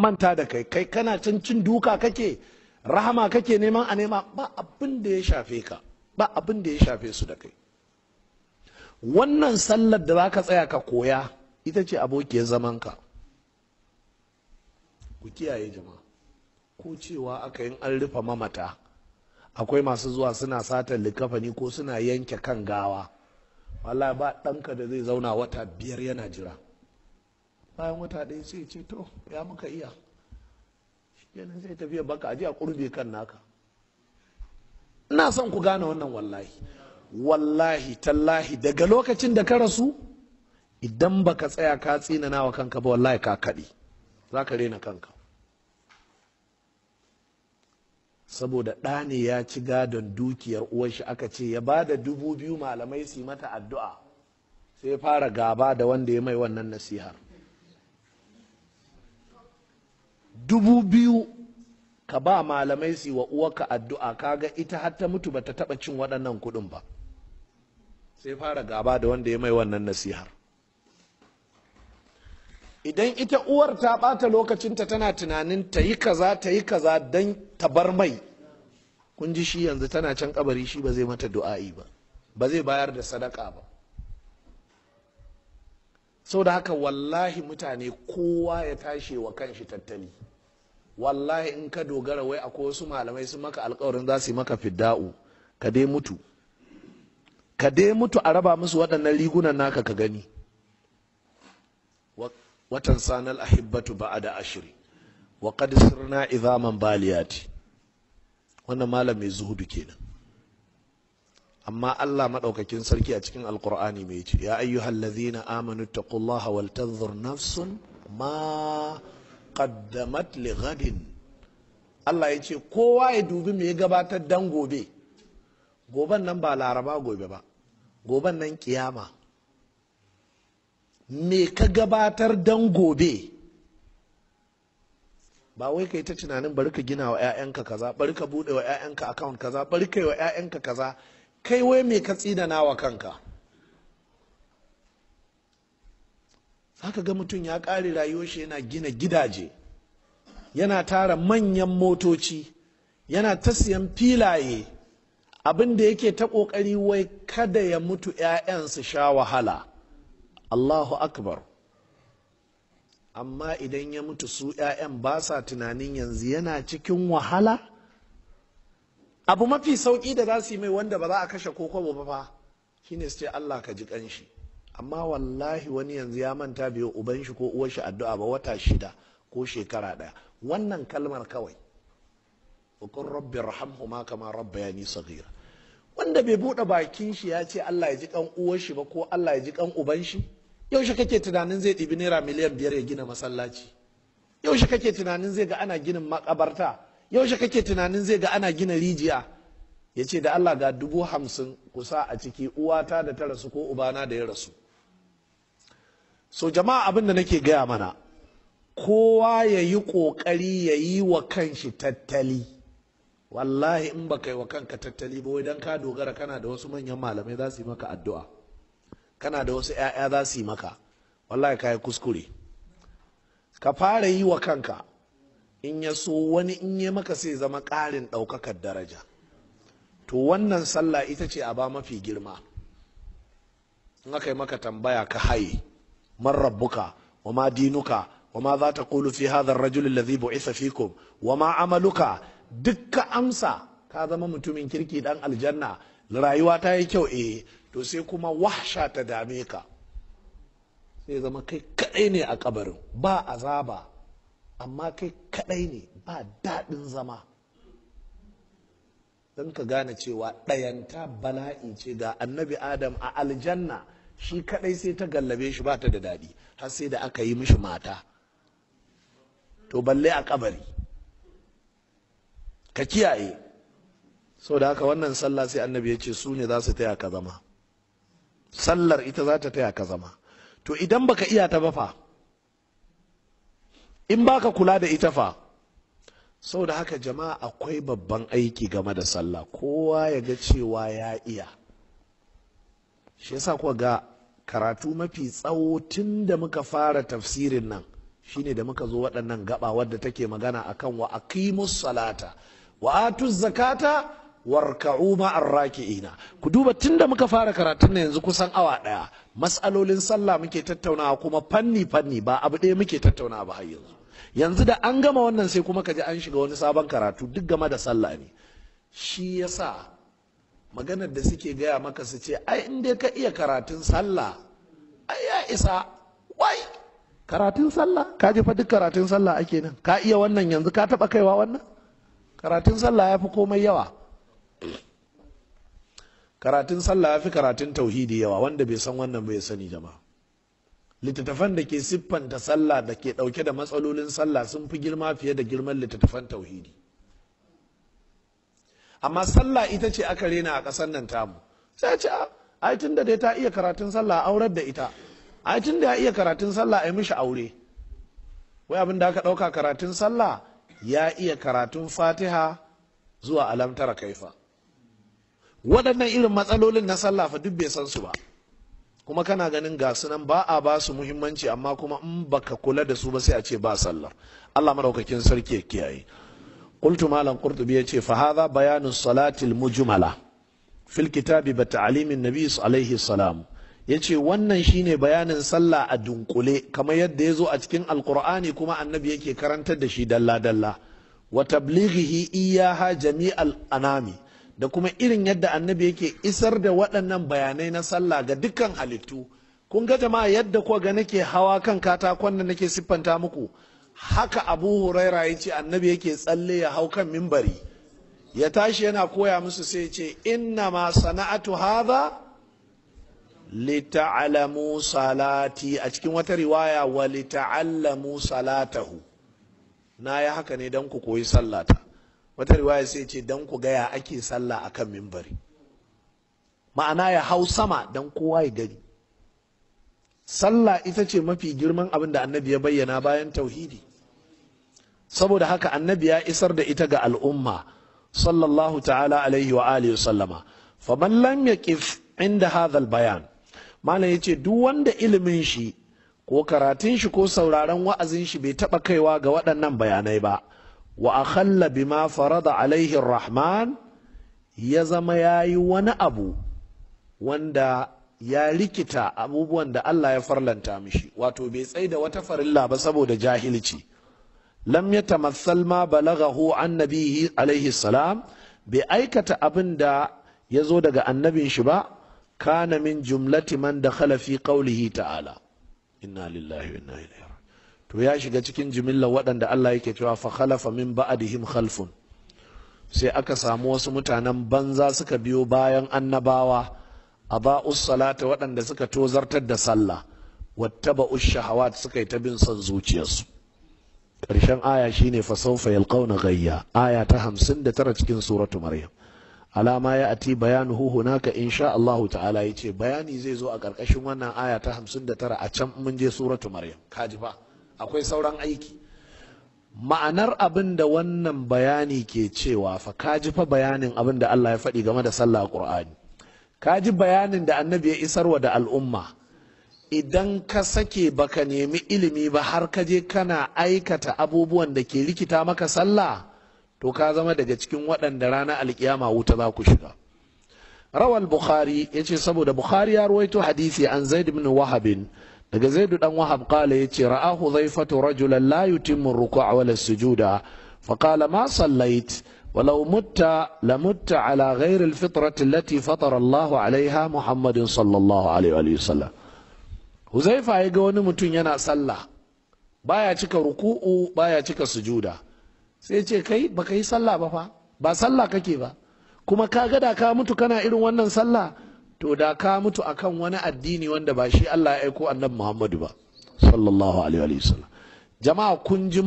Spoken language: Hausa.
manta da kai kai kana cin cin duka kake rahama kake neman a nema ba abin da ya shafe ka ba abin da ya shafe su da kai wannan sallar da zaka tsaya ka koya ita ce abokiyar ka ku kiyaye jama'a ko cewa aka yin an rufe mamata akwai masu zuwa suna satar likafani ko suna yanke kan gawa wallahi ba ɗanka da zai zauna wata biyar yana jira bayan wata ɗaya sai ce to ya muka iya kenan sai tafiya baka aji a ƙurbe kan naka ina son ku gane wannan wallahi wallahi tallahi daga lokacin da ka rasu idan baka tsaya ka tsina nawa kanka ba wallahi ka kaɗi za ka rena kanka saboda ɗa ne ya ci gadon dukiyar uwarshi aka ce ya ba da dubu biyu malamai su mata addu'a sai fara gaba da wanda ya mai wannan nasihar dubu biyu ka ba malamai su wa uwarka addu'a ka ga ita har ta mutu bata taba cin waɗannan kuɗin ba sai fara gaba da wanda ya mai wannan nasihar idan ita uwar ta ɓata lokacinta tana tunanin ta yi kaza ta yi kaza don ta bar mai kun ji shi yanzu tana can kabari shi ba zai mata du'a'i ba ba zai bayar da sadaka ba sau da haka wallahi mutane kowa ya tashi wa kanshi tattali wallahi in ka dogara wai akwai wasu malamai sun maka alkawarin za su yi maka fidda'u ka dai mutu ka dai mutu a raba musu waɗannan rigunan naka ka gani watan sanal ahibbatu da ashiri wa qad sirna idhaman baliyati wannan malam mai zuhudu kenan amma Allah madaukakin sarki a cikin alqur'ani mai ce ya ayyuhallazina amanu taqullaha wal tanzur nafsun ma qaddamat li ghadin Allah ya ce kowa ya dubi me ya gabatar dan gobe goban nan ba laraba gobe ba goban nan kiyama me ka gabatar dan gobe ba wai kai ta tunanin bari ka gina wa 'ya'yanka kaza bari ka bude wa 'ya'yanka account kaza bari kai wa 'ya'yanka kaza kai wai me ka tsidana wa kanka zaka ga mutum ya ƙare rayuwar shi yana gina gidaje yana tara manyan motoci yana ta siyan filaye abin da yake ta ƙoƙari wai kada ya mutu 'ya'yan su sha wahala Allahu akbar amma idan ya mutu su 'ya'yan ba sa tunanin yanzu yana cikin wahala abu mafi sauƙi da za su yi mai wanda ba za a kashe ko kwabo ba fa shine su ce Allah ka ji ƙanshi. amma wallahi wani yanzu ya manta bai uban shi ko uwar shi addu'a ba wata shida ko shekara ɗaya wannan kalmar kawai ukun rabbi rahamhuma kama rabbayani saghira wanda bai buɗe bakin shi ya ce Allah ya ji ƙan ba ko Allah ya ji ƙan uban shi yaushe kake tunanin zai ɗibi naira miliyan biyar ya gina masallaci yaushe kake tunanin zai ga ana ginin makabarta yaushe kake tunanin zai ga ana gina rijiya ya ce da Allah ga dubu hamsin kusa a ciki uwata da ta rasu ko ubana da ya rasu so jama'a abin da nake gaya mana kowa ya yi ƙoƙari ya yi wa kanshi tattali wallahi in ba kai wa kanka tattali ba wai don ka dogara kana da wasu manyan malamai za su yi maka addu'a kana da wasu 'ya'ya za su yi maka wallahi ka yi kuskure ka fara yi wa kanka in ya so wani in ya maka sai zama ƙarin ɗaukakar daraja to wannan sallah ita ce a ba mafi girma in aka yi maka tambaya ka haye man rabbuka wa ma dinuka wama za ta kulu fi hadha ar-rajul alladhi bu'itha fikum wama amaluka dukka amsa ka zama mutumin kirki dan aljanna rayuwa ta yi kyau eh to sai kuma wahsha ta dame ka sai zama kai kadai ne a kabarin ba azaba amma kai kadai ne ba daɗin zama don ka gane cewa ɗayanta bala'i ce ga annabi adam a aljanna shi kadai sai ta gallabe shi ba ta da daɗi har sai da aka yi mashi mata to balle a kabari ka kiyaye sau da haka wannan sallah sai annabi ya ce su ne za su taya ka zama sallar ita za ta taya ka zama to idan baka iya ta bafa in baka kula da ita fa sau da haka jama'a akwai babban aiki game da sallah kowa ya ga cewa ya iya shi yasa kuwa ga karatu mafi tsawo tun da muka fara tafsirin nan shine da muka zo waɗannan gaba wadda take magana akan wa aqimus salata wa atuz zakata warka'u ma'ar raki'ina ku duba tunda muka fara karatun na yanzu kusan awa ɗaya, mas'alolin sallah muke tattaunawa kuma fanni fanni ba abu ɗaya muke tattaunawa ba har yanzu yanzu da an gama wannan sai kuma ka ji an shiga wani sabon karatu duk game da sallah ne shi yasa maganar da suke gaya maka su ce ai in dai ka iya karatun sallah ai ya isa karatun sallah ka ji fa duk karatun sallah ake nan ka iya wannan yanzu ka taba kaiwa wannan karatun sallah ya fi komai yawa karatun sallah ya fi karatun tauhidi yawa wanda bai san wannan bai sani jama'a littattafan da ke siffanta sallah da ke ɗauke da matsalolin sallah sun fi girma fiye da girman littattafan tauhidi amma sallah ita ce aka rena a ƙasar nan tamu sai ce a ah, ai tun da dai ta iya karatun sallah a aurar da ita ai tun da ya iya karatun sallah ai mishi aure wai abin da aka ɗauka karatun sallah ya iya karatun fatiha zuwa alamtara kaifa waɗannan irin matsalolin na sallah fa duk bai san su ba kuma kana ganin ga nan ba a ba su muhimmanci amma kuma in baka kula da su ba sai a ce ba sallar Allah maraukakin sarki ya kiyaye qultu malam qurtubi yace fa hadha bayanu salatil mujmala fil kitabi bi ta'limin nabiy alaihi salam ya ce wannan shine bayanin sallah a dunkule kamar yadda ya zo a cikin alkur'ani kuma annabi yake karantar da shi dalla-dalla wa tablighihi iyaha jami'al anami da kuma irin yadda annabi yake isar da waɗannan bayanai na sallah ga dukkan halittu kun ga jama'a yadda ko ga nake hawa kan katakon da nake siffanta muku haka abu huraira ya ce annabi yake tsalle ya hau kan mimbari ya tashi yana koya musu sai ce inna ma sana'atu haza. lita'alamu salati a cikin wata riwaya wa lita'allamu salatahu na ya haka ne don ku koyi sallata wata riwaya sai ce don ku gaya ake sallah akan mimbari ma'ana ya hau sama don kowa ya gani sallah ita ce mafi girman abin da annabi ya bayyana bayan tauhidi saboda haka annabi ya isar da ita ga al'umma sallallahu ta'ala alaihi wa alihi sallama faman lam yaqif inda hadha bayan malam ya ce duk wanda ilimin shi ko karatun shi ko sauraron wa'azin shi bai taba kaiwa ga waɗannan bayanai ba wa akhalla bima farada alaihi rahman ya zama ya yi wani abu wanda ya rikita abubuwan da Allah ya farlanta mishi wato bai tsaida wata farilla ba saboda jahilci lam ya tamassal ma balagahu annabihi alaihi salam bai aikata abin da ya zo daga annabin shi ba kana min jumlati man da fi qawlihi ta'ala inna lillahi wa inna ilaihi to ya shiga cikin jimillar waɗanda Allah yake cewa fa khalafa min ba'dihim khalfun sai aka samu wasu mutanen banza suka biyo bayan annabawa ba salata waɗanda suka tozartar da sallah wattaba'us shahawat suka yi ta bin son zuciyarsu ƙarshen aya shine fa sawfa yalqawna ghayya aya ta 59 cikin suratu maryam alama ya ati bayanu naka insha Allahu ta'ala yace bayani zai zo a karkashin wannan aya ta 59 a can mun je suratu maryam kaji ba akwai sauran aiki ma'anar abin da wannan bayani ke cewa fa kaji fa bayanin abin da Allah ya faɗi game da sallah Qur'ani kaji bayanin da annabi ya isarwa da al'umma idan ka sake baka nemi ilimi ba har ka je kana aikata abubuwan da ke likita maka sallah to ka zama daga cikin waɗanda ranar alkiyama wuta za ku shiga rawal bukhari ya ce saboda bukhari ya ruwaito hadisi an zaid ibn wahabin daga zaidu dan wahab kala ya ce ra'ahu zaifatu rajulan la yutimmu ruku'a wala sujuda fa qala ma sallait ولو مت لمت على غير الفطرة التي فطر الله عليها محمد صلى الله عليه وآله وسلم huzaifa ya ga wani mutum yana sallah baya cika ruku'u baya cika sujuda sai ce kai baka yi sallah ba fa ba sallah kake ba kuma ka ga da ka mutu kana irin wannan sallah to da ka mutu akan wani addini wanda ba shi Allah ya aiko annabi Muhammadu ba sallallahu alaihi wa sallam jama'a kun ji